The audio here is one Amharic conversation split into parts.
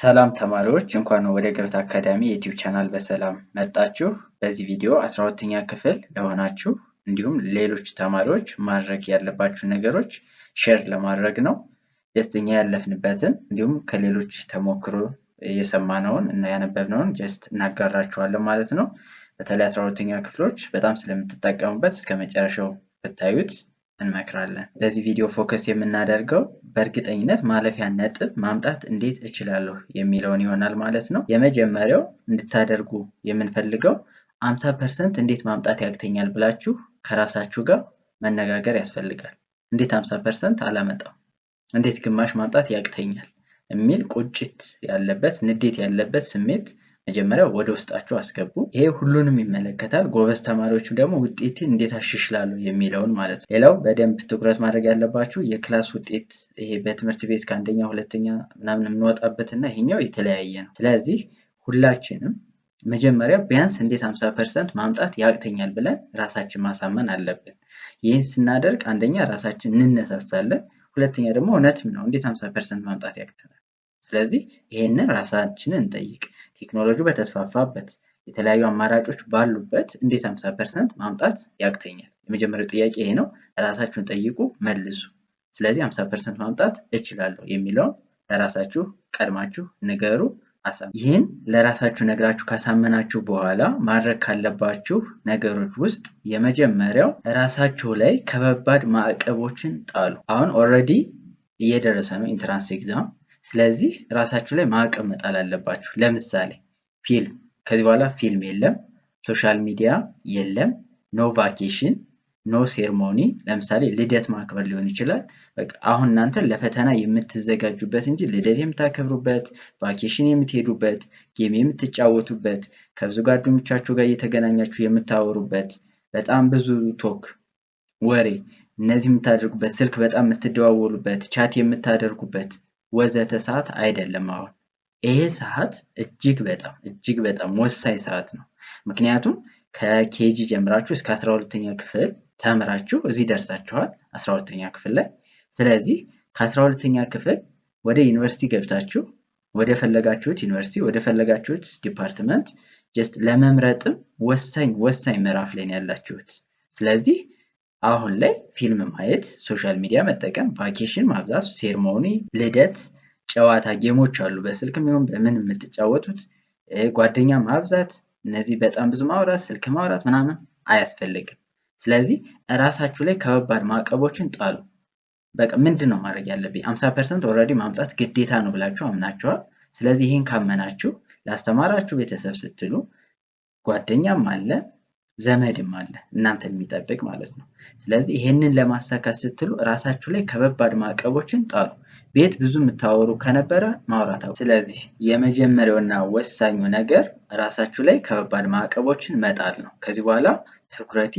ሰላም ተማሪዎች እንኳን ወደ ገበታ አካዳሚ የዩቲዩብ ቻናል በሰላም መጣችሁ። በዚህ ቪዲዮ 12ኛ ክፍል ለሆናችሁ እንዲሁም ሌሎች ተማሪዎች ማድረግ ያለባችሁ ነገሮች ሼር ለማድረግ ነው። ደስተኛ ያለፍንበትን እንዲሁም ከሌሎች ተሞክሮ የሰማነውን እና ያነበብነውን ጀስት እናጋራችኋለን ማለት ነው። በተለይ 12ኛ ክፍሎች በጣም ስለምትጠቀሙበት እስከ መጨረሻው ብታዩት እንመክራለን። በዚህ ቪዲዮ ፎከስ የምናደርገው በእርግጠኝነት ማለፊያ ነጥብ ማምጣት እንዴት እችላለሁ የሚለውን ይሆናል ማለት ነው። የመጀመሪያው እንድታደርጉ የምንፈልገው አምሳ ፐርሰንት እንዴት ማምጣት ያቅተኛል ብላችሁ ከራሳችሁ ጋር መነጋገር ያስፈልጋል። እንዴት አምሳ ፐርሰንት አላመጣው፣ እንዴት ግማሽ ማምጣት ያቅተኛል የሚል ቁጭት ያለበት ንዴት ያለበት ስሜት መጀመሪያ ወደ ውስጣችሁ አስገቡ። ይሄ ሁሉንም ይመለከታል። ጎበዝ ተማሪዎችም ደግሞ ውጤት እንዴት አሻሽላለሁ የሚለውን ማለት ነው። ሌላው በደንብ ትኩረት ማድረግ ያለባችሁ የክላስ ውጤት ይሄ በትምህርት ቤት ከአንደኛ ሁለተኛ ምናምን የምንወጣበትና ይሄኛው የተለያየ ነው። ስለዚህ ሁላችንም መጀመሪያ ቢያንስ እንዴት 50 ፐርሰንት ማምጣት ያቅተኛል ብለን ራሳችን ማሳመን አለብን። ይህን ስናደርግ አንደኛ ራሳችን እንነሳሳለን፣ ሁለተኛ ደግሞ እውነትም ነው እንዴት 50 ፐርሰንት ማምጣት ያቅተናል። ስለዚህ ይሄንን ራሳችንን እንጠይቅ። ቴክኖሎጂ በተስፋፋበት የተለያዩ አማራጮች ባሉበት እንዴት 50 ፐርሰንት ማምጣት ያቅተኛል? የመጀመሪያው ጥያቄ ይሄ ነው። ራሳችሁን ጠይቁ፣ መልሱ። ስለዚህ 50 ፐርሰንት ማምጣት እችላለሁ የሚለውን ለራሳችሁ ቀድማችሁ ንገሩ። ይህን ለራሳችሁ ነግራችሁ ካሳመናችሁ በኋላ ማድረግ ካለባችሁ ነገሮች ውስጥ የመጀመሪያው ራሳችሁ ላይ ከባባድ ማዕቀቦችን ጣሉ። አሁን ኦልሬዲ እየደረሰ ነው ኢንትራንስ ኤግዛም ስለዚህ ራሳችሁ ላይ ማዕቀብ መጣል አለባችሁ። ለምሳሌ ፊልም፣ ከዚህ በኋላ ፊልም የለም፣ ሶሻል ሚዲያ የለም፣ ኖ ቫኬሽን፣ ኖ ሴርሞኒ። ለምሳሌ ልደት ማክበር ሊሆን ይችላል። በቃ አሁን እናንተ ለፈተና የምትዘጋጁበት እንጂ ልደት የምታከብሩበት፣ ቫኬሽን የምትሄዱበት፣ ጌም የምትጫወቱበት፣ ከብዙ ጓደኞቻችሁ ጋር እየተገናኛችሁ የምታወሩበት፣ በጣም ብዙ ቶክ ወሬ እነዚህ የምታደርጉበት፣ ስልክ በጣም የምትደዋወሉበት፣ ቻት የምታደርጉበት ወዘተ ሰዓት አይደለም። አሁን ይሄ ሰዓት እጅግ በጣም እጅግ በጣም ወሳኝ ሰዓት ነው። ምክንያቱም ከኬጂ ጀምራችሁ እስከ አስራ ሁለተኛ ክፍል ተምራችሁ እዚህ ደርሳችኋል፣ አስራ ሁለተኛ ክፍል ላይ። ስለዚህ ከአስራ ሁለተኛ ክፍል ወደ ዩኒቨርሲቲ ገብታችሁ ወደ ፈለጋችሁት ዩኒቨርሲቲ ወደ ፈለጋችሁት ዲፓርትመንት ጀስት ለመምረጥም ወሳኝ ወሳኝ ምዕራፍ ላይ ነው ያላችሁት። ስለዚህ አሁን ላይ ፊልም ማየት፣ ሶሻል ሚዲያ መጠቀም፣ ቫኬሽን ማብዛት፣ ሴርሞኒ፣ ልደት፣ ጨዋታ፣ ጌሞች አሉ። በስልክ ሆን በምን የምትጫወቱት ጓደኛ ማብዛት፣ እነዚህ በጣም ብዙ ማውራት፣ ስልክ ማውራት ምናምን አያስፈልግም። ስለዚህ እራሳችሁ ላይ ከባድ ማዕቀቦችን ጣሉ። በቃ ምንድን ነው ማድረግ ያለብኝ? አምሳ ፐርሰንት ኦልሬዲ ማምጣት ግዴታ ነው ብላችሁ አምናችኋል። ስለዚህ ይህን ካመናችሁ ላስተማራችሁ ቤተሰብ ስትሉ ጓደኛም አለ ዘመድም አለ እናንተ የሚጠብቅ ማለት ነው። ስለዚህ ይሄንን ለማሳካት ስትሉ ራሳችሁ ላይ ከበባድ ማዕቀቦችን ጣሉ። ቤት ብዙ የምታወሩ ከነበረ ማውራት ስለዚህ የመጀመሪያውና ወሳኙ ነገር ራሳችሁ ላይ ከበባድ ማዕቀቦችን መጣል ነው። ከዚህ በኋላ ትኩረቴ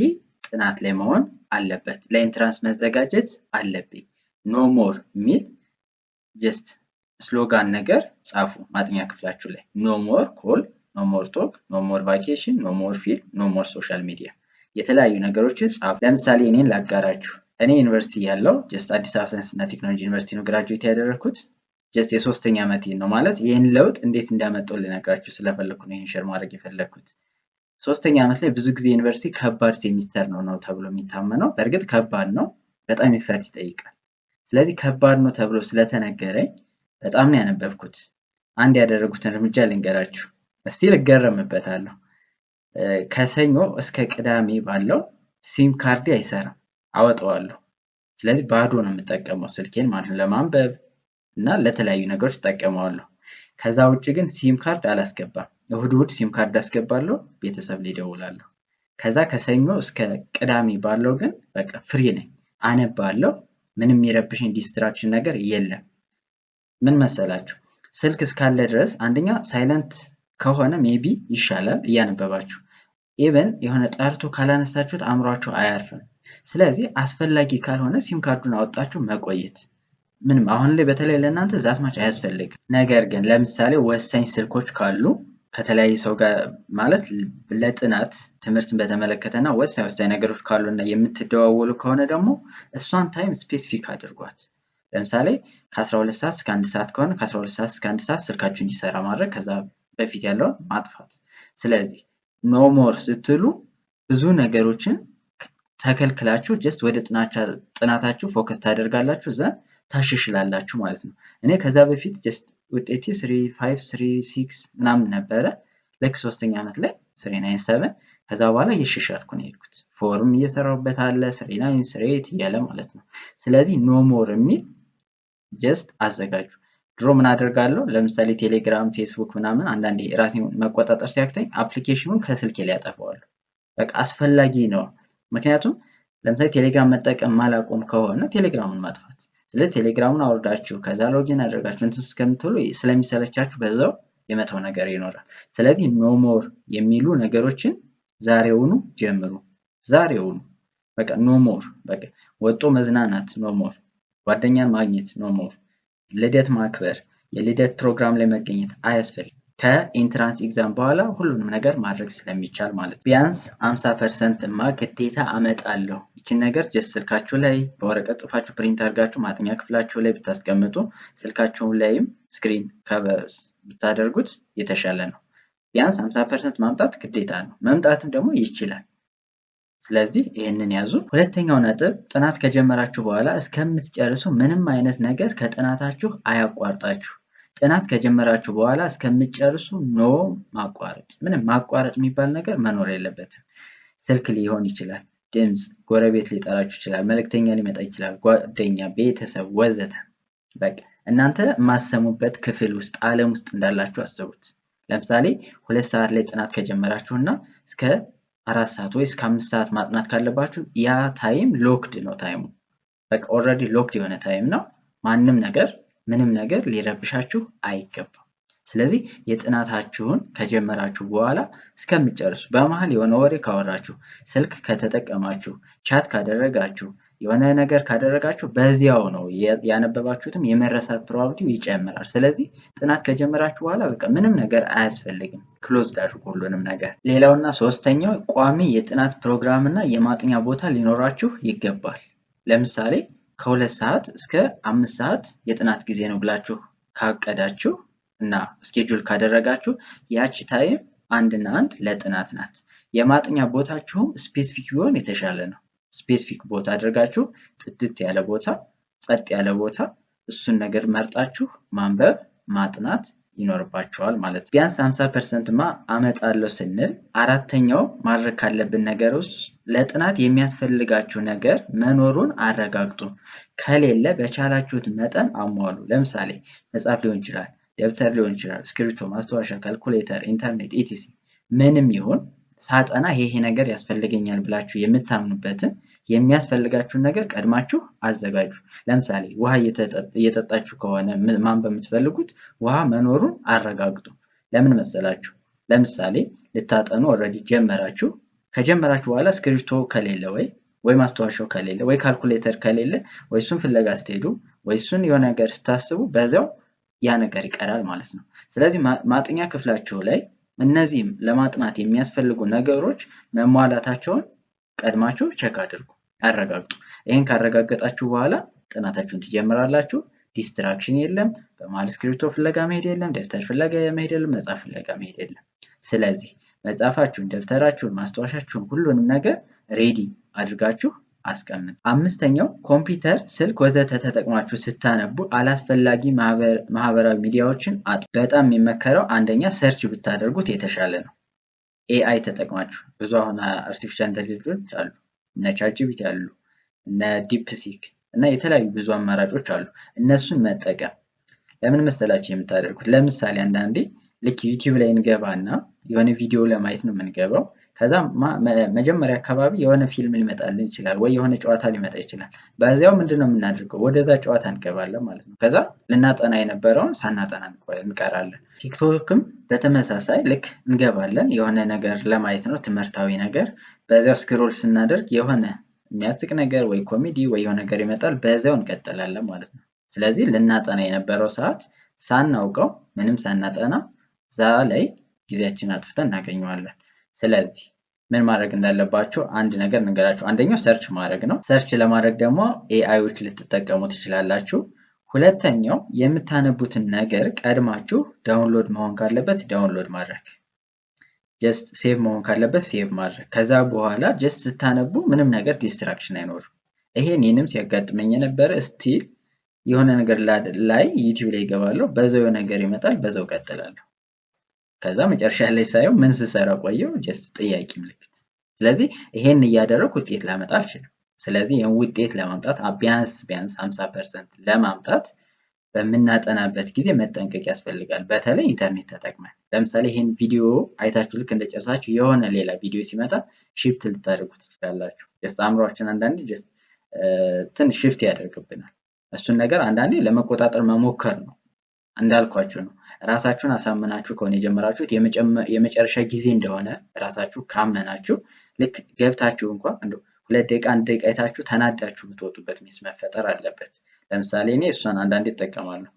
ጥናት ላይ መሆን አለበት፣ ለኢንትራንስ መዘጋጀት አለብኝ፣ ኖ ሞር የሚል ጀስት ስሎጋን ነገር ጻፉ ማጥኛ ክፍላችሁ ላይ ኖ ሞር ኮል ኖ ሞር ቶክ፣ ኖ ሞር ቫኬሽን፣ ኖ ሞር ፊልም፣ ኖ ሞር ሶሻል ሚዲያ የተለያዩ ነገሮችን ጻፉ። ለምሳሌ እኔን ላጋራችሁ። እኔ ዩኒቨርሲቲ ያለው ጀስት አዲስ አበባ ሳይንስና ቴክኖሎጂ ዩኒቨርሲቲ ነው ግራጁዌት ያደረግኩት። ጀስት የሶስተኛ ዓመት ነው ማለት ይህን ለውጥ እንዴት እንዳመጣው ልነግራችሁ ስለፈለግኩ ነው ይህን ሸር ማድረግ የፈለግኩት። ሶስተኛ ዓመት ላይ ብዙ ጊዜ ዩኒቨርሲቲ ከባድ ሴሚስተር ነው ነው ተብሎ የሚታመነው። በእርግጥ ከባድ ነው፣ በጣም ይፈት ይጠይቃል። ስለዚህ ከባድ ነው ተብሎ ስለተነገረኝ በጣም ነው ያነበብኩት። አንድ ያደረጉትን እርምጃ ልንገራችሁ። እስቲል እገረምበታለሁ። ከሰኞ እስከ ቅዳሜ ባለው ሲም ካርድ አይሰራም አወጣዋለሁ። ስለዚህ ባዶ ነው የምጠቀመው ስልኬን ማለት ነው ለማንበብ እና ለተለያዩ ነገሮች እጠቀመዋለሁ። ከዛ ውጭ ግን ሲም ካርድ አላስገባም እሁድ እሁድ ሲም ካርድ አስገባለሁ ቤተሰብ ሊደውላለሁ። ከዛ ከሰኞ እስከ ቅዳሜ ባለው ግን በቃ ፍሪ ነኝ አነባለሁ ምንም የሚረብሸኝ ዲስትራክሽን ነገር የለም። ምን መሰላችሁ? ስልክ እስካለ ድረስ አንደኛ ሳይለንት ከሆነ ሜቢ ይሻላል እያነበባችሁ ኢቨን የሆነ ጠርቶ ካላነሳችሁት አእምሯችሁ አያርፍም። ስለዚህ አስፈላጊ ካልሆነ ሲም ካርዱን አወጣችሁ መቆየት ምንም አሁን ላይ በተለይ ለእናንተ ዛትማች አያስፈልግም። ነገር ግን ለምሳሌ ወሳኝ ስልኮች ካሉ ከተለያየ ሰው ጋር ማለት ለጥናት ትምህርትን በተመለከተና ወሳኝ ወሳኝ ነገሮች ካሉና የምትደዋወሉ ከሆነ ደግሞ እሷን ታይም ስፔሲፊክ አድርጓት። ለምሳሌ ከ12 ሰዓት እስከ አንድ ሰዓት ከሆነ ከ12 ሰዓት እስከ አንድ ሰዓት ስልካችሁ ይሰራ ማድረግ ከዛ በፊት ያለውን ማጥፋት። ስለዚህ ኖ ሞር ስትሉ ብዙ ነገሮችን ተከልክላችሁ ጀስት ወደ ጥናታችሁ ፎከስ ታደርጋላችሁ፣ ዘ ታሸሽላላችሁ ማለት ነው። እኔ ከዛ በፊት ጀስት ውጤቴ ስሪ ፋይቭ ስሪ ሲክስ ምናምን ነበረ ልክ ሶስተኛ ዓመት ላይ ስሪ ናይን ሰቨን ከዛ በኋላ እየሸሻልኩ ነው የሄድኩት። ፎርም እየሰራሁበት አለ ስሪ ናይን ስሪ ኤይት እያለ ማለት ነው። ስለዚህ ኖ ሞር የሚል ጀስት አዘጋጁ። ድሮ ምን አደርጋለሁ ለምሳሌ ቴሌግራም ፌስቡክ ምናምን አንዳንዴ ራሴ መቆጣጠር ሲያክተኝ አፕሊኬሽኑን ከስልኬ ላይ ያጠፈዋሉ በቃ አስፈላጊ ነው። ምክንያቱም ለምሳሌ ቴሌግራም መጠቀም ማላቆም ከሆነ ቴሌግራሙን ማጥፋት ስለዚህ ቴሌግራሙን አውርዳችሁ ከዛ ሎጊን አድርጋችሁ እንትን እስከምትሉ ስለሚሰለቻችሁ በዛው የመተው ነገር ይኖራል። ስለዚህ ኖሞር የሚሉ ነገሮችን ዛሬውኑ ጀምሩ። ዛሬውኑ በቃ ኖሞር በቃ ወጦ መዝናናት ኖሞር ጓደኛን ማግኘት ኖሞር ልደት ማክበር የልደት ፕሮግራም ላይ መገኘት አያስፈልግም። ከኢንትራንስ ኤግዛም በኋላ ሁሉንም ነገር ማድረግ ስለሚቻል ማለት ነው። ቢያንስ አምሳ ፐርሰንትማ ግዴታ አመጣለሁ። ይችን ነገር ጀስት ስልካችሁ ላይ በወረቀት ጽፋችሁ ፕሪንት አድርጋችሁ ማጥኛ ክፍላችሁ ላይ ብታስቀምጡ ስልካችሁ ላይም ስክሪን ብታደርጉት የተሻለ ነው። ቢያንስ አምሳ ፐርሰንት ማምጣት ግዴታ ነው። መምጣትም ደግሞ ይችላል። ስለዚህ ይህንን ያዙ። ሁለተኛው ነጥብ ጥናት ከጀመራችሁ በኋላ እስከምትጨርሱ ምንም አይነት ነገር ከጥናታችሁ አያቋርጣችሁ። ጥናት ከጀመራችሁ በኋላ እስከምትጨርሱ ኖ ማቋረጥ። ምንም ማቋረጥ የሚባል ነገር መኖር የለበትም። ስልክ ሊሆን ይችላል፣ ድምፅ፣ ጎረቤት ሊጠራችሁ ይችላል፣ መልእክተኛ ሊመጣ ይችላል፣ ጓደኛ፣ ቤተሰብ ወዘተ። በቃ እናንተ የማሰሙበት ክፍል ውስጥ ዓለም ውስጥ እንዳላችሁ አስቡት። ለምሳሌ ሁለት ሰዓት ላይ ጥናት ከጀመራችሁና እስከ አራት ሰዓት ወይ እስከ አምስት ሰዓት ማጥናት ካለባችሁ ያ ታይም ሎክድ ነው ታይሙ በቃ ኦልሬዲ ሎክድ የሆነ ታይም ነው። ማንም ነገር ምንም ነገር ሊረብሻችሁ አይገባም። ስለዚህ የጥናታችሁን ከጀመራችሁ በኋላ እስከሚጨርሱ በመሃል የሆነ ወሬ ካወራችሁ፣ ስልክ ከተጠቀማችሁ፣ ቻት ካደረጋችሁ የሆነ ነገር ካደረጋችሁ በዚያው ነው ያነበባችሁትም የመረሳት ፕሮባቢሊቲው ይጨምራል። ስለዚህ ጥናት ከጀመራችሁ በኋላ በቃ ምንም ነገር አያስፈልግም ክሎዝ አድርጉ ሁሉንም ነገር። ሌላውና ሶስተኛው ቋሚ የጥናት ፕሮግራም እና የማጥኛ ቦታ ሊኖራችሁ ይገባል። ለምሳሌ ከሁለት ሰዓት እስከ አምስት ሰዓት የጥናት ጊዜ ነው ብላችሁ ካቀዳችሁ እና እስኬጁል ካደረጋችሁ ያቺ ታይም አንድና አንድ ለጥናት ናት። የማጥኛ ቦታችሁም ስፔሲፊክ ቢሆን የተሻለ ነው። ስፔሲፊክ ቦታ አድርጋችሁ ጽድት ያለ ቦታ ጸጥ ያለ ቦታ እሱን ነገር መርጣችሁ ማንበብ ማጥናት ይኖርባቸዋል ማለት ነው። ቢያንስ 50 ፐርሰንት ማ አመጣለሁ ስንል አራተኛው ማድረግ ካለብን ነገር ውስጥ ለጥናት የሚያስፈልጋችሁ ነገር መኖሩን አረጋግጡ። ከሌለ በቻላችሁት መጠን አሟሉ። ለምሳሌ መጽሐፍ ሊሆን ይችላል፣ ደብተር ሊሆን ይችላል፣ እስክሪብቶ፣ ማስታወሻ፣ ካልኩሌተር፣ ኢንተርኔት፣ ኢቲሲ ምንም ይሁን ሳጠና ይሄ ነገር ያስፈልገኛል ብላችሁ የምታምኑበትን የሚያስፈልጋችሁን ነገር ቀድማችሁ አዘጋጁ። ለምሳሌ ውሃ እየጠጣችሁ ከሆነ ማንበብ የምትፈልጉት ውሃ መኖሩን አረጋግጡ። ለምን መሰላችሁ? ለምሳሌ ልታጠኑ ኦልሬዲ ጀመራችሁ። ከጀመራችሁ በኋላ እስክሪብቶ ከሌለ ወይ ወይ ማስታወሻው ከሌለ ወይ ካልኩሌተር ከሌለ ወይ እሱን ፍለጋ ስትሄዱ ወይ እሱን የሆነ ነገር ስታስቡ በዚያው ያ ነገር ይቀራል ማለት ነው። ስለዚህ ማጥኛ ክፍላችሁ ላይ እነዚህም ለማጥናት የሚያስፈልጉ ነገሮች መሟላታቸውን ቀድማችሁ ቸክ አድርጉ፣ አረጋግጡ። ይህን ካረጋገጣችሁ በኋላ ጥናታችሁን ትጀምራላችሁ። ዲስትራክሽን የለም፣ በመሃል እስክሪብቶ ፍለጋ መሄድ የለም፣ ደብተር ፍለጋ መሄድ የለም፣ መጽሐፍ ፍለጋ መሄድ የለም። ስለዚህ መጽሐፋችሁን፣ ደብተራችሁን፣ ማስታወሻችሁን ሁሉንም ነገር ሬዲ አድርጋችሁ አስቀምጥ። አምስተኛው ኮምፒውተር፣ ስልክ ወዘተ ተጠቅማችሁ ስታነቡ አላስፈላጊ ማህበራዊ ሚዲያዎችን አጡ። በጣም የሚመከረው አንደኛ ሰርች ብታደርጉት የተሻለ ነው። ኤአይ ተጠቅማችሁ ብዙ አሁን አርቲፊሻል ኢንተሊጀንሶች አሉ እነ ቻትጂፒቲ አሉ እነ ዲፕሲክ እና የተለያዩ ብዙ አማራጮች አሉ። እነሱን መጠቀም ለምን መሰላችሁ የምታደርጉት? ለምሳሌ አንዳንዴ ልክ ዩቲዩብ ላይ እንገባና የሆነ ቪዲዮ ለማየት ነው የምንገባው ከዛ መጀመሪያ አካባቢ የሆነ ፊልም ሊመጣልን ይችላል ወይ የሆነ ጨዋታ ሊመጣ ይችላል በዚያው ምንድነው የምናደርገው ወደዛ ጨዋታ እንገባለን ማለት ነው። ከዛ ልናጠና የነበረውን ሳናጠና እንቀራለን። ቲክቶክም በተመሳሳይ ልክ እንገባለን የሆነ ነገር ለማየት ነው ትምህርታዊ ነገር በዚያው ስክሮል ስናደርግ የሆነ የሚያስቅ ነገር ወይ ኮሜዲ ወይ የሆነ ነገር ይመጣል በዚያው እንቀጥላለን ማለት ነው። ስለዚህ ልናጠና የነበረው ሰዓት ሳናውቀው ምንም ሳናጠና እዛ ላይ ጊዜያችንን አጥፍተን እናገኘዋለን ስለዚህ ምን ማድረግ እንዳለባችሁ አንድ ነገር እንገራችሁ። አንደኛው ሰርች ማድረግ ነው። ሰርች ለማድረግ ደግሞ ኤአዮች ልትጠቀሙ ትችላላችሁ። ሁለተኛው የምታነቡትን ነገር ቀድማችሁ ዳውንሎድ መሆን ካለበት ዳውንሎድ ማድረግ፣ ጀስት ሴቭ መሆን ካለበት ሴቭ ማድረግ። ከዛ በኋላ ጀስት ስታነቡ ምንም ነገር ዲስትራክሽን አይኖርም። ይሄ እኔንም ሲያጋጥመኝ የነበረ ስቲል የሆነ ነገር ላይ ዩቲዩብ ላይ ይገባለሁ፣ በዛው ነገር ይመጣል፣ በዛው ቀጥላለሁ። ከዛ መጨረሻ ላይ ሳየው ምን ስሰራ ቆየው ጀስት ጥያቄ ምልክት። ስለዚህ ይሄን እያደረኩ ውጤት ላመጣ አልችልም። ስለዚህ ይህን ውጤት ለማምጣት ቢያንስ ቢያንስ 50 ፐርሰንት ለማምጣት በምናጠናበት ጊዜ መጠንቀቅ ያስፈልጋል። በተለይ ኢንተርኔት ተጠቅመን ለምሳሌ ይህን ቪዲዮ አይታችሁ ልክ እንደጨርሳችሁ የሆነ ሌላ ቪዲዮ ሲመጣ ሽፍት ልታደርጉ ትችላላችሁ። ጀስት አእምሯችን አንዳንዴ ጀስት ትን ሽፍት ያደርግብናል። እሱን ነገር አንዳንዴ ለመቆጣጠር መሞከር ነው። እንዳልኳችሁ ነው። ራሳችሁን አሳምናችሁ ከሆነ የጀመራችሁት የመጨረሻ ጊዜ እንደሆነ ራሳችሁ ካመናችሁ ልክ ገብታችሁ እንኳ እንደው ሁለት ደቂቃ አንድ ደቂቃ አይታችሁ ተናዳችሁ የምትወጡበት ሚስ መፈጠር አለበት። ለምሳሌ እኔ እሷን አንዳንዴ እጠቀማለሁ።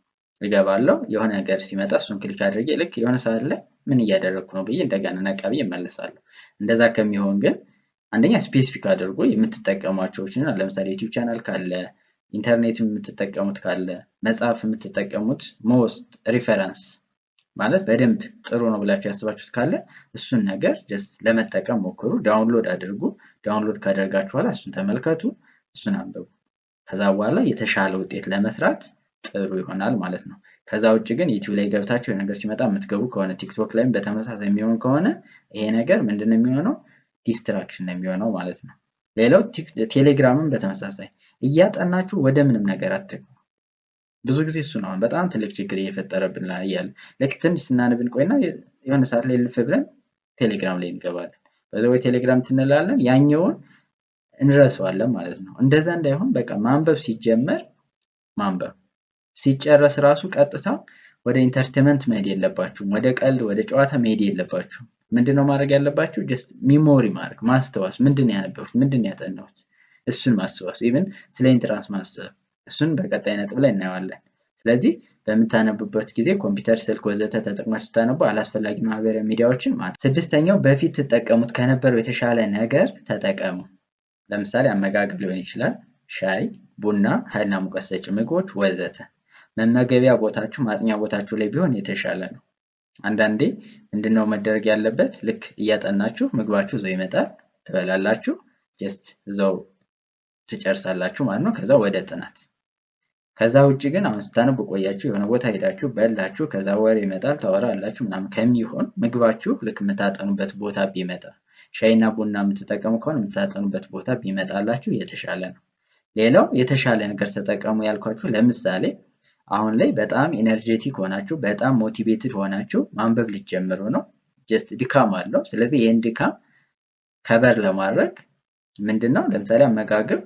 እገባለሁ የሆነ ነገር ሲመጣ እሱን ክሊክ አድርጌ ልክ የሆነ ሰዓት ላይ ምን እያደረግኩ ነው ብዬ እንደገና ነቃ ብዬ እመለሳለሁ። እንደዛ ከሚሆን ግን አንደኛ ስፔሲፊክ አድርጎ የምትጠቀሟቸውችን ለምሳሌ ዩቲዩብ ቻናል ካለ ኢንተርኔት የምትጠቀሙት ካለ መጽሐፍ የምትጠቀሙት ሞስት ሪፈረንስ ማለት በደንብ ጥሩ ነው ብላችሁ ያስባችሁት ካለ እሱን ነገር ጀስት ለመጠቀም ሞክሩ። ዳውንሎድ አድርጉ። ዳውንሎድ ካደርጋችሁ በኋላ እሱን ተመልከቱ፣ እሱን አንብቡ። ከዛ በኋላ የተሻለ ውጤት ለመስራት ጥሩ ይሆናል ማለት ነው። ከዛ ውጭ ግን ዩቲዩብ ላይ ገብታችሁ ነገር ሲመጣ የምትገቡ ከሆነ ቲክቶክ ላይም በተመሳሳይ የሚሆን ከሆነ ይሄ ነገር ምንድን ነው የሚሆነው? ዲስትራክሽን ነው የሚሆነው ማለት ነው። ሌላው ቴሌግራምን በተመሳሳይ እያጠናችሁ ወደ ምንም ነገር አትግቡ። ብዙ ጊዜ እሱን ነው በጣም ትልቅ ችግር እየፈጠረብን እያለ ልክ ትንሽ ስናንብን ቆይና የሆነ ሰዓት ላይ ልፍ ብለን ቴሌግራም ላይ እንገባለን። በዛ ወይ ቴሌግራም ትንላለን፣ ያኛውን እንረሰዋለን ማለት ነው። እንደዛ እንዳይሆን በቃ ማንበብ ሲጀመር ማንበብ ሲጨረስ ራሱ ቀጥታ ወደ ኢንተርቴመንት መሄድ የለባችሁም። ወደ ቀልድ፣ ወደ ጨዋታ መሄድ የለባችሁም። ምንድነው ማድረግ ያለባችሁ ጀስት ሚሞሪ ማድረግ ማስታወስ። ምንድን ያነበብኩት ምንድን ያጠናሁት እሱን ማስታወስ። ኢቨን ስለ ኢንትራንስ ማሰብ እሱን በቀጣይ ነጥብ ላይ እናየዋለን። ስለዚህ በምታነቡበት ጊዜ ኮምፒውተር፣ ስልክ ወዘተ ተጠቅማችሁ ስታነቡ አላስፈላጊ ማህበራዊ ሚዲያዎችን ማ ስድስተኛው በፊት ትጠቀሙት ከነበረው የተሻለ ነገር ተጠቀሙ። ለምሳሌ አመጋገብ ሊሆን ይችላል፣ ሻይ፣ ቡና፣ ኃይልና ሙቀት ሰጪ ምግቦች ወዘተ። መመገቢያ ቦታችሁ ማጥኛ ቦታችሁ ላይ ቢሆን የተሻለ ነው። አንዳንዴ ምንድነው መደረግ ያለበት ልክ እያጠናችሁ ምግባችሁ እዛው ይመጣል ትበላላችሁ ጀስት እዛው ትጨርሳላችሁ ማለት ነው። ከዛ ወደ ጥናት ከዛ ውጭ ግን አሁን ስታነቡ ቆያችሁ የሆነ ቦታ ሄዳችሁ በላችሁ ከዛ ወሬ ይመጣል ታወራላችሁ ምናምን ከሚሆን ምግባችሁ ልክ የምታጠኑበት ቦታ ቢመጣ ሻይና ቡና የምትጠቀሙ ከሆነ የምታጠኑበት ቦታ ቢመጣላችሁ የተሻለ ነው። ሌላው የተሻለ ነገር ተጠቀሙ ያልኳችሁ ለምሳሌ አሁን ላይ በጣም ኢነርጀቲክ ሆናችሁ በጣም ሞቲቬትድ ሆናችሁ ማንበብ ልትጀምሩ ነው። ጀስት ድካም አለው። ስለዚህ ይህን ድካም ከበር ለማድረግ ምንድን ነው ለምሳሌ አመጋገብ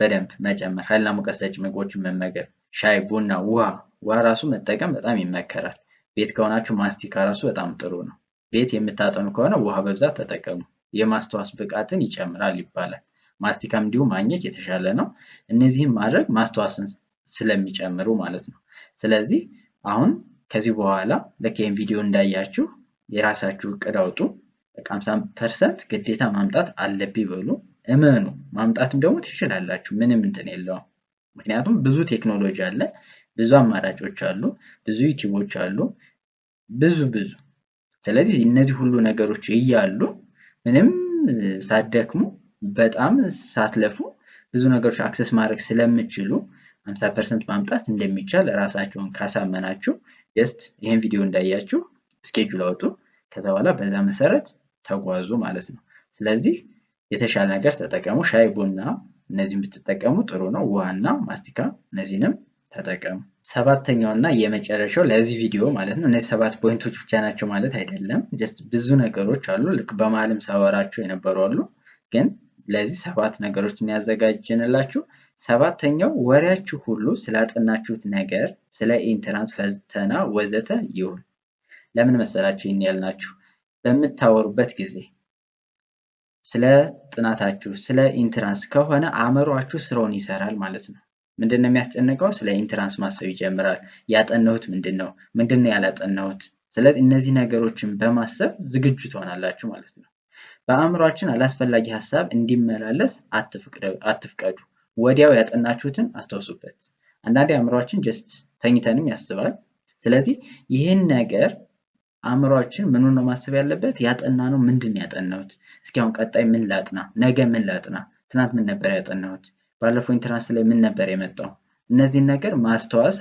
በደንብ መጨመር፣ ኃይልና ሙቀት ሰጪ ምግቦችን መመገብ፣ ሻይ፣ ቡና፣ ውሃ ውሃ ራሱ መጠቀም በጣም ይመከራል። ቤት ከሆናችሁ ማስቲካ ራሱ በጣም ጥሩ ነው። ቤት የምታጠኑ ከሆነ ውሃ በብዛት ተጠቀሙ። የማስታወስ ብቃትን ይጨምራል ይባላል። ማስቲካም እንዲሁ ማግኘት የተሻለ ነው። እነዚህም ማድረግ ማስታወስን ስለሚጨምሩ ማለት ነው። ስለዚህ አሁን ከዚህ በኋላ ልክ ይህን ቪዲዮ እንዳያችሁ የራሳችሁ እቅድ አውጡ። በቃ ሃምሳ ፐርሰንት ግዴታ ማምጣት አለብኝ በሉ እመኑ። ማምጣትም ደግሞ ትችላላችሁ። ምንም እንትን የለውም። ምክንያቱም ብዙ ቴክኖሎጂ አለ፣ ብዙ አማራጮች አሉ፣ ብዙ ዩቲዩቦች አሉ፣ ብዙ ብዙ። ስለዚህ እነዚህ ሁሉ ነገሮች እያሉ ምንም ሳትደክሙ በጣም ሳትለፉ ብዙ ነገሮች አክሰስ ማድረግ ስለምችሉ ሃምሳ ፐርሰንት ማምጣት እንደሚቻል ራሳችሁን ካሳመናችሁ ጀስት ይህን ቪዲዮ እንዳያችሁ ስኬጁል አውጡ። ከዛ በኋላ በዛ መሰረት ተጓዙ ማለት ነው። ስለዚህ የተሻለ ነገር ተጠቀሙ። ሻይ ቡና፣ እነዚህን ብትጠቀሙ ጥሩ ነው። ውሃና ማስቲካ እነዚህንም ተጠቀሙ። ሰባተኛው እና የመጨረሻው ለዚህ ቪዲዮ ማለት ነው። እነዚህ ሰባት ፖይንቶች ብቻ ናቸው ማለት አይደለም። ጀስት ብዙ ነገሮች አሉ። ልክ በመሀልም ሳወራችሁ የነበሩ አሉ። ግን ለዚህ ሰባት ነገሮች ያዘጋጅንላችሁ ሰባተኛው ወሬያችሁ ሁሉ ስላጠናችሁት ነገር፣ ስለ ኢንትራንስ ፈተና ወዘተ ይሁን። ለምን መሰላችሁ ይህን ያልናችሁ? በምታወሩበት ጊዜ ስለ ጥናታችሁ፣ ስለ ኢንትራንስ ከሆነ አእምሯችሁ ስራውን ይሰራል ማለት ነው። ምንድን ነው የሚያስጨንቀው? ስለ ኢንትራንስ ማሰብ ይጀምራል። ያጠናሁት ምንድን ነው? ምንድን ነው ያላጠናሁት? ስለዚህ እነዚህ ነገሮችን በማሰብ ዝግጁ ትሆናላችሁ ማለት ነው። በአእምሯችን አላስፈላጊ ሀሳብ እንዲመላለስ አትፍቀዱ። ወዲያው ያጠናችሁትን አስታውሱበት። አንዳንዴ አእምሯችን ጀስት ተኝተንም ያስባል። ስለዚህ ይህን ነገር አእምሯችን ምኑን ነው ማሰብ ያለበት? ያጠና ነው ምንድን ያጠናሁት? እስኪ አሁን ቀጣይ ምን ላጥና? ነገ ምን ላጥና? ትናንት ምን ነበር ያጠናሁት? ባለፈው ኢንትራንስ ላይ ምን ነበር የመጣው? እነዚህን ነገር ማስታወስ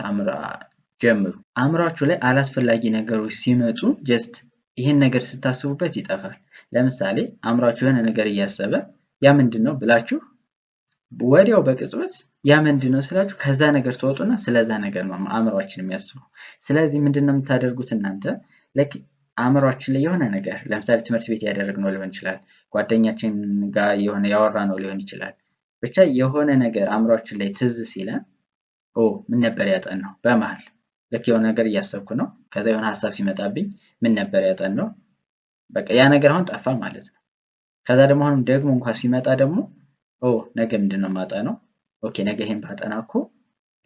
ጀምሩ። አእምሯችሁ ላይ አላስፈላጊ ነገሮች ሲመጡ ጀስት ይህን ነገር ስታስቡበት ይጠፋል። ለምሳሌ አእምሯችሁ የሆነ ነገር እያሰበ ያ ምንድን ነው ብላችሁ ወዲያው በቅጽበት ያ ምንድን ነው ስላችሁ ከዛ ነገር ተወጡና ስለዛ ነገር ነው አእምሯችን የሚያስበው። ስለዚህ ምንድን ነው የምታደርጉት እናንተ ልክ አእምሯችን ላይ የሆነ ነገር ለምሳሌ ትምህርት ቤት ያደረግነው ሊሆን ይችላል፣ ጓደኛችን ጋር የሆነ ያወራነው ሊሆን ይችላል። ብቻ የሆነ ነገር አእምሯችን ላይ ትዝ ሲለን ኦ ምን ነበር ነው በመሀል ልክ የሆነ ነገር እያሰብኩ ነው፣ ከዛ የሆነ ሀሳብ ሲመጣብኝ ምን ነበር ነው በቃ ያ ነገር አሁን ጠፋ ማለት ነው። ከዛ ደግሞ አሁን ደግሞ እንኳን ሲመጣ ደግሞ ኦ ነገ ምንድን ነው የማጠናው? ኦኬ ነገ ይሄን ባጠና እኮ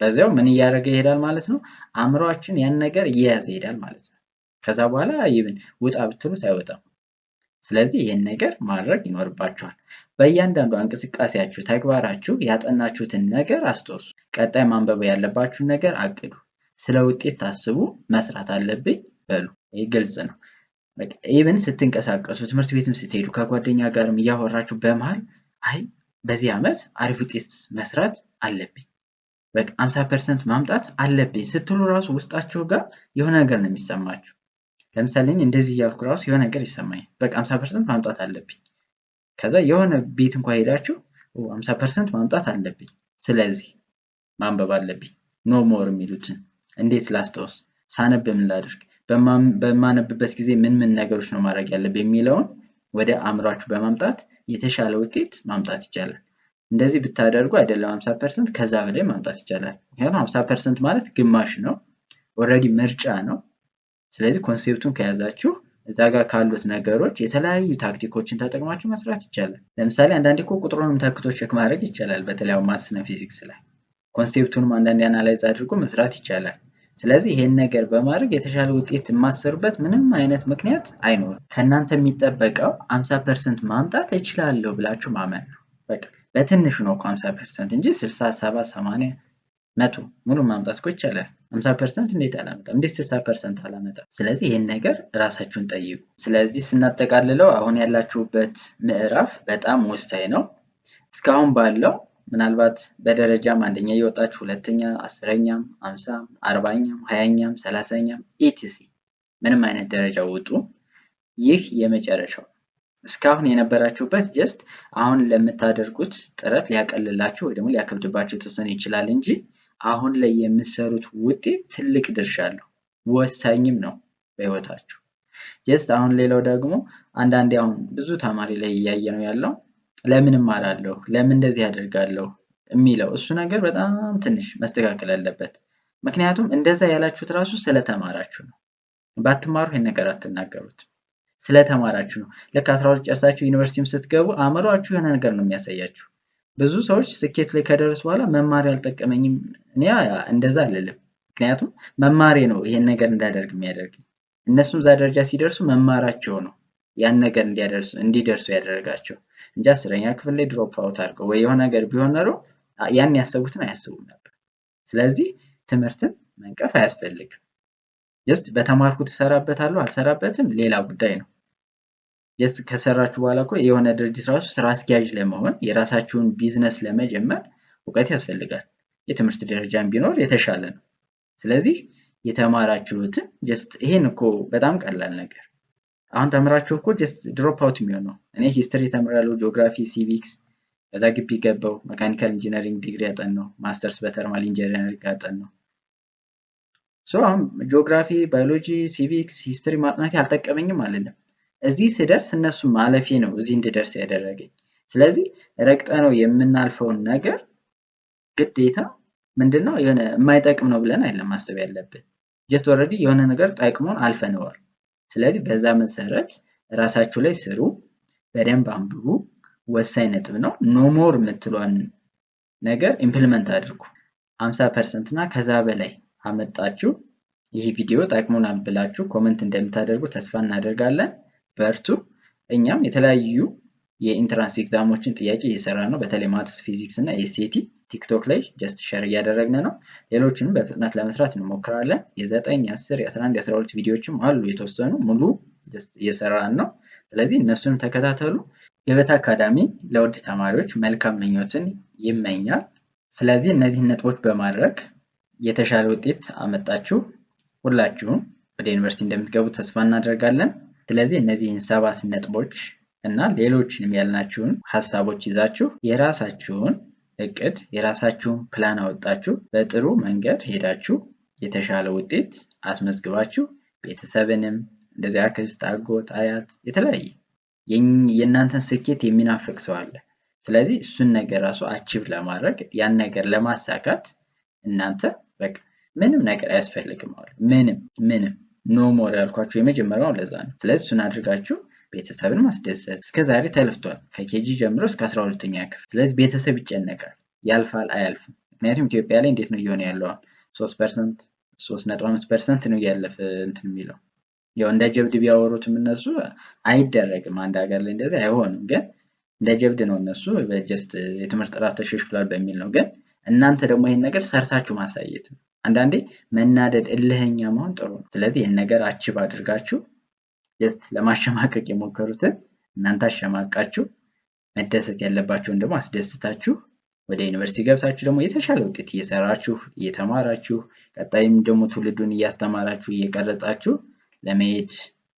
በዚያው ምን እያደረገ ይሄዳል ማለት ነው። አእምሯችን ያን ነገር እየያዘ ይሄዳል ማለት ነው። ከዛ በኋላ ይብን ውጣ ብትሉት አይወጣም። ስለዚህ ይህን ነገር ማድረግ ይኖርባችኋል። በእያንዳንዷ እንቅስቃሴያችሁ፣ ተግባራችሁ ያጠናችሁትን ነገር አስታውሱ። ቀጣይ ማንበብ ያለባችሁን ነገር አቅዱ። ስለ ውጤት ታስቡ። መስራት አለብኝ በሉ። ይህ ግልጽ ነው። ኢብን ስትንቀሳቀሱ፣ ትምህርት ቤትም ስትሄዱ፣ ከጓደኛ ጋርም እያወራችሁ በመሃል አይ በዚህ ዓመት አሪፍ ውጤት መስራት አለብኝ በቃ 50 ፐርሰንት ማምጣት አለብኝ ስትሉ ራሱ ውስጣችሁ ጋር የሆነ ነገር ነው የሚሰማችሁ። ለምሳሌ እንደዚህ እያልኩ ራሱ የሆነ ነገር ይሰማኝ በቃ 50 ፐርሰንት ማምጣት አለብኝ። ከዛ የሆነ ቤት እንኳ ሄዳችሁ 50 ፐርሰንት ማምጣት አለብኝ፣ ስለዚህ ማንበብ አለብኝ፣ ኖ ሞር የሚሉትን እንዴት ላስታውስ፣ ሳነብ ምን ላድርግ፣ በማነብበት ጊዜ ምን ምን ነገሮች ነው ማድረግ ያለብ የሚለውን ወደ አእምሯችሁ በማምጣት የተሻለ ውጤት ማምጣት ይቻላል። እንደዚህ ብታደርጉ አይደለም 50 ፐርሰንት ከዛ በላይ ማምጣት ይቻላል። ምክንያቱም 50 ፐርሰንት ማለት ግማሽ ነው። ኦልሬዲ ምርጫ ነው። ስለዚህ ኮንሴፕቱን ከያዛችሁ እዛ ጋር ካሉት ነገሮች የተለያዩ ታክቲኮችን ተጠቅማችሁ መስራት ይቻላል። ለምሳሌ አንዳንዴ እኮ ቁጥሩንም ተክቶ ቼክ ማድረግ ይቻላል። በተለያዩ ማስነ ፊዚክስ ላይ ኮንሴፕቱንም አንዳንዴ አናላይዝ አድርጎ መስራት ይቻላል። ስለዚህ ይሄን ነገር በማድረግ የተሻለ ውጤት የማሰሩበት ምንም አይነት ምክንያት አይኖርም። ከእናንተ የሚጠበቀው አምሳ ፐርሰንት ማምጣት እችላለሁ ብላችሁ ማመን ነው። በቃ በትንሹ ነው እኮ አምሳ ፐርሰንት እንጂ ስልሳ ሰባ ሰማንያ መቶ ሙሉ ማምጣት እኮ ይቻላል። አምሳ ፐርሰንት እንዴት አላመጣም? እንዴት ስልሳ ፐርሰንት አላመጣም? ስለዚህ ይህን ነገር ራሳችሁን ጠይቁ። ስለዚህ ስናጠቃልለው አሁን ያላችሁበት ምዕራፍ በጣም ወሳኝ ነው። እስካሁን ባለው ምናልባት በደረጃም አንደኛ እየወጣች ሁለተኛ፣ አስረኛም፣ አምሳም፣ አርባኛም፣ ሀያኛም፣ ሰላሳኛም ኢቲሲ ምንም አይነት ደረጃ ውጡ። ይህ የመጨረሻው እስካሁን የነበራችሁበት ጀስት አሁን ለምታደርጉት ጥረት ሊያቀልላችሁ ወይ ደግሞ ሊያከብድባችሁ ተወሰነ ይችላል እንጂ አሁን ላይ የምትሰሩት ውጤት ትልቅ ድርሻ አለው፣ ወሳኝም ነው በህይወታችሁ ጀስት አሁን ሌላው ደግሞ አንዳንዴ አሁን ብዙ ተማሪ ላይ እያየ ነው ያለው ለምን እማራለሁ ለምን እንደዚህ አደርጋለሁ የሚለው እሱ ነገር በጣም ትንሽ መስተካከል አለበት። ምክንያቱም እንደዛ ያላችሁት ራሱ ስለተማራችሁ ነው። ባትማሩ ይህን ነገር አትናገሩት። ስለተማራችሁ ነው ልክ አስራ ሁለት ጨርሳችሁ ዩኒቨርሲቲም ስትገቡ አእምሮአችሁ የሆነ ነገር ነው የሚያሳያችሁ። ብዙ ሰዎች ስኬት ላይ ከደረሱ በኋላ መማሪ አልጠቀመኝም እኔ እንደዛ አልልም። ምክንያቱም መማሬ ነው ይሄን ነገር እንዳደርግ የሚያደርግ እነሱም እዛ ደረጃ ሲደርሱ መማራቸው ነው። ያን ነገር እንዲደርሱ ያደረጋቸው እንጂ አስረኛ ክፍል ላይ ድሮፕ አውት አድርገው ወይ የሆነ ነገር ቢሆን ኖሮ ያን ያሰቡትን አያስቡም ነበር። ስለዚህ ትምህርትን መንቀፍ አያስፈልግም። ጀስት በተማርኩት እሰራበታለሁ አልሰራበትም ሌላ ጉዳይ ነው። ጀስት ከሰራችሁ በኋላ እኮ የሆነ ድርጅት ራሱ ስራ አስኪያጅ ለመሆን የራሳችሁን ቢዝነስ ለመጀመር እውቀት ያስፈልጋል። የትምህርት ደረጃን ቢኖር የተሻለ ነው። ስለዚህ የተማራችሁትን ጀስት ይሄን እኮ በጣም ቀላል ነገር አሁን ተምራችሁ እኮ ጀስት ድሮፕ አውት የሚሆነው። እኔ ሂስትሪ ተምራለሁ፣ ጂኦግራፊ፣ ሲቪክስ ከዛ ግቢ ገባሁ፣ መካኒካል ኢንጂነሪንግ ዲግሪ አጠናሁ፣ ማስተርስ በተርማል ኢንጂነሪንግ አጠናሁ። ሶ አሁን ጂኦግራፊ፣ ባዮሎጂ፣ ሲቪክስ፣ ሂስትሪ ማጥናቴ አልጠቀመኝም አለለም። እዚህ ስደርስ እነሱ ማለፌ ነው እዚህ እንድደርስ ያደረገኝ። ስለዚህ ረግጠ ነው የምናልፈውን ነገር ግዴታ ምንድነው የሆነ የማይጠቅም ነው ብለን አይደለም ማሰብ ያለብን። ጀስት ኦልሬዲ የሆነ ነገር ጠቅሞን አልፈነዋል። ስለዚህ በዛ መሰረት ራሳችሁ ላይ ስሩ፣ በደንብ አንብቡ። ወሳኝ ነጥብ ነው። ኖሞር የምትሏን ነገር ኢምፕልመንት አድርጉ። 50 ፐርሰንት እና ከዛ በላይ አመጣችሁ ይህ ቪዲዮ ጠቅሞናል ብላችሁ ኮመንት እንደምታደርጉ ተስፋ እናደርጋለን። በርቱ። እኛም የተለያዩ የኢንትራንስ ኤግዛሞችን ጥያቄ እየሰራ ነው። በተለይ ማትስ፣ ፊዚክስ እና ኤስኤቲ ቲክቶክ ላይ ጀስት ሸር እያደረግን ነው። ሌሎችንም በፍጥነት ለመስራት እንሞክራለን። የዘጠኝ የአስር 10 የአስራ ሁለት ቪዲዮዎችም አሉ የተወሰኑ ሙሉ ጀስት እየሰራን ነው። ስለዚህ እነሱንም ተከታተሉ። ገበታ አካዳሚ ለውድ ተማሪዎች መልካም ምኞትን ይመኛል። ስለዚህ እነዚህን ነጥቦች በማድረግ የተሻለ ውጤት አመጣችሁ ሁላችሁም ወደ ዩኒቨርሲቲ እንደምትገቡ ተስፋ እናደርጋለን። ስለዚህ እነዚህን ሰባት ነጥቦች እና ሌሎችንም ያልናችሁን ሀሳቦች ይዛችሁ የራሳችሁን እቅድ የራሳችሁን ፕላን አወጣችሁ በጥሩ መንገድ ሄዳችሁ የተሻለ ውጤት አስመዝግባችሁ ቤተሰብንም እንደዚያ አክስት፣ አጎት፣ አያት የተለያየ የእናንተን ስኬት የሚናፍቅ ሰው አለ። ስለዚህ እሱን ነገር ራሱ አቺቭ ለማድረግ ያን ነገር ለማሳካት እናንተ በቃ ምንም ነገር አያስፈልግም። ምንም ምንም ኖ ሞር የመጀመሪያው ለዛ ነው። ስለዚህ እሱን አድርጋችሁ ቤተሰብን ማስደሰት እስከዛሬ ተለፍቷል። ከኬጂ ጀምሮ እስከ 12ኛ ክፍል። ስለዚህ ቤተሰብ ይጨነቃል። ያልፋል አያልፍም። ምክንያቱም ኢትዮጵያ ላይ እንዴት ነው እየሆነ ያለውን ሶስት ፐርሰንት ሶስት ነጥብ አምስት ፐርሰንት ነው እያለፈ እንትን የሚለው ያው እንደ ጀብድ ቢያወሩትም እነሱ አይደረግም። አንድ ሀገር ላይ እንደዚህ አይሆንም፣ ግን እንደ ጀብድ ነው እነሱ በጀስት የትምህርት ጥራት ተሻሽሏል በሚል ነው። ግን እናንተ ደግሞ ይህን ነገር ሰርታችሁ ማሳየት ነው። አንዳንዴ መናደድ፣ እልህኛ መሆን ጥሩ ነው። ስለዚህ ይህን ነገር አችብ አድርጋችሁ ጀስት ለማሸማቀቅ የሞከሩትን እናንተ አሸማቃችሁ መደሰት ያለባቸውን ደግሞ አስደስታችሁ ወደ ዩኒቨርሲቲ ገብታችሁ ደግሞ የተሻለ ውጤት እየሰራችሁ እየተማራችሁ ቀጣይም ደግሞ ትውልዱን እያስተማራችሁ እየቀረጻችሁ ለመሄድ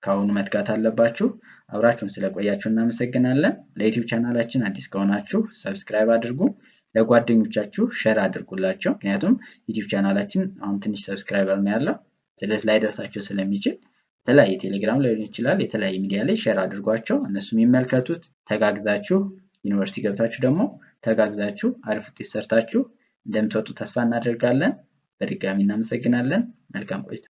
ከአሁኑ መትጋት አለባችሁ። አብራችሁን ስለቆያችሁ እናመሰግናለን። ለዩቲዩብ ቻናላችን አዲስ ከሆናችሁ ሰብስክራይብ አድርጉ። ለጓደኞቻችሁ ሸር አድርጉላቸው። ምክንያቱም ዩቲዩብ ቻናላችን አሁን ትንሽ ሰብስክራይበር ነው ያለው፣ ስለዚህ ላይደርሳቸው ስለሚችል የተለያየ ቴሌግራም ላይ ሊሆን ይችላል የተለያየ ሚዲያ ላይ ሼር አድርጓቸው እነሱም ይመልከቱት። ተጋግዛችሁ ዩኒቨርሲቲ ገብታችሁ ደግሞ ተጋግዛችሁ አሪፍ ውጤት ሰርታችሁ እንደምትወጡ ተስፋ እናደርጋለን። በድጋሚ እናመሰግናለን። መልካም ቆይታ